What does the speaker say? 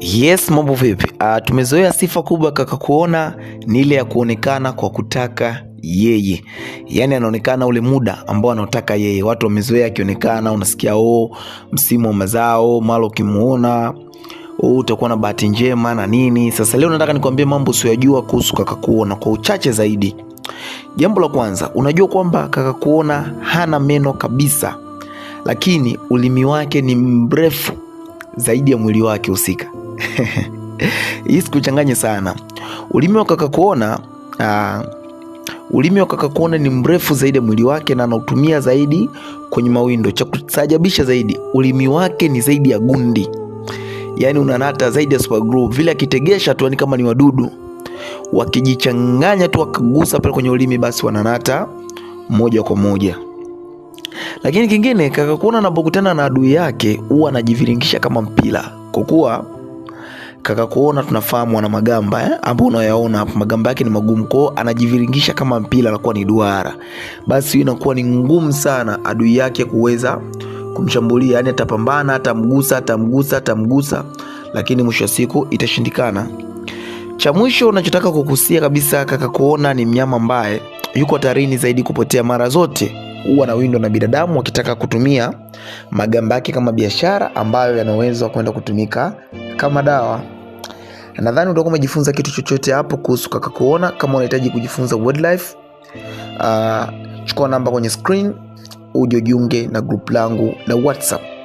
Yes, mambo vipi? Uh, tumezoea sifa kubwa kaka kuona ni ile ya kuonekana kwa kutaka yeye, yaani anaonekana ule muda ambao anaotaka yeye. Watu wamezoea akionekana, unasikia oh, msimu wa mazao mara ukimuona oh, utakuwa na bahati njema na nini. Sasa leo nataka nikwambie mambo usiyojua kuhusu kaka kuona kwa uchache zaidi. Jambo la kwanza, unajua kwamba kaka kuona hana meno kabisa, lakini ulimi wake ni mrefu zaidi ya mwili wake husika. hii sikuchanganye sana. Ulimi wa kaka kuona, uh, ulimi wa kaka kuona ni mrefu zaidi ya mwili wake na anautumia zaidi kwenye mawindo. Cha kusajabisha zaidi, ulimi wake ni zaidi ya gundi, yaani unanata zaidi ya super glue. Vile akitegesha tu ni yaani kama ni wadudu wakijichanganya tu wakagusa pale kwenye ulimi, basi wananata moja kwa moja. Lakini kingine, kaka kuona anapokutana na adui yake huwa anajiviringisha kama mpira, kwa kuwa kaka kuona tunafahamu ana magamba eh, ambao unayaona hapo magamba yake ni magumu kwao, anajiviringisha kama mpira, anakuwa ni duara, basi hiyo inakuwa ni ngumu sana adui yake kuweza kumshambulia, yani atapambana, atamgusa, atamgusa, atamgusa, lakini mwisho wa siku itashindikana. Cha mwisho unachotaka kukusia kabisa, kaka kuona ni mnyama ambaye yuko tarini zaidi kupotea. Mara zote huwa na windo na binadamu wakitaka kutumia magamba yake kama biashara, ambayo yanaweza kwenda kutumika kama dawa na nadhani utakuwa umejifunza kitu chochote hapo kuhusu kaka kuona. Kama unahitaji kujifunza wildlife, uh, ah, chukua namba kwenye screen uje ujiunge na group langu la WhatsApp.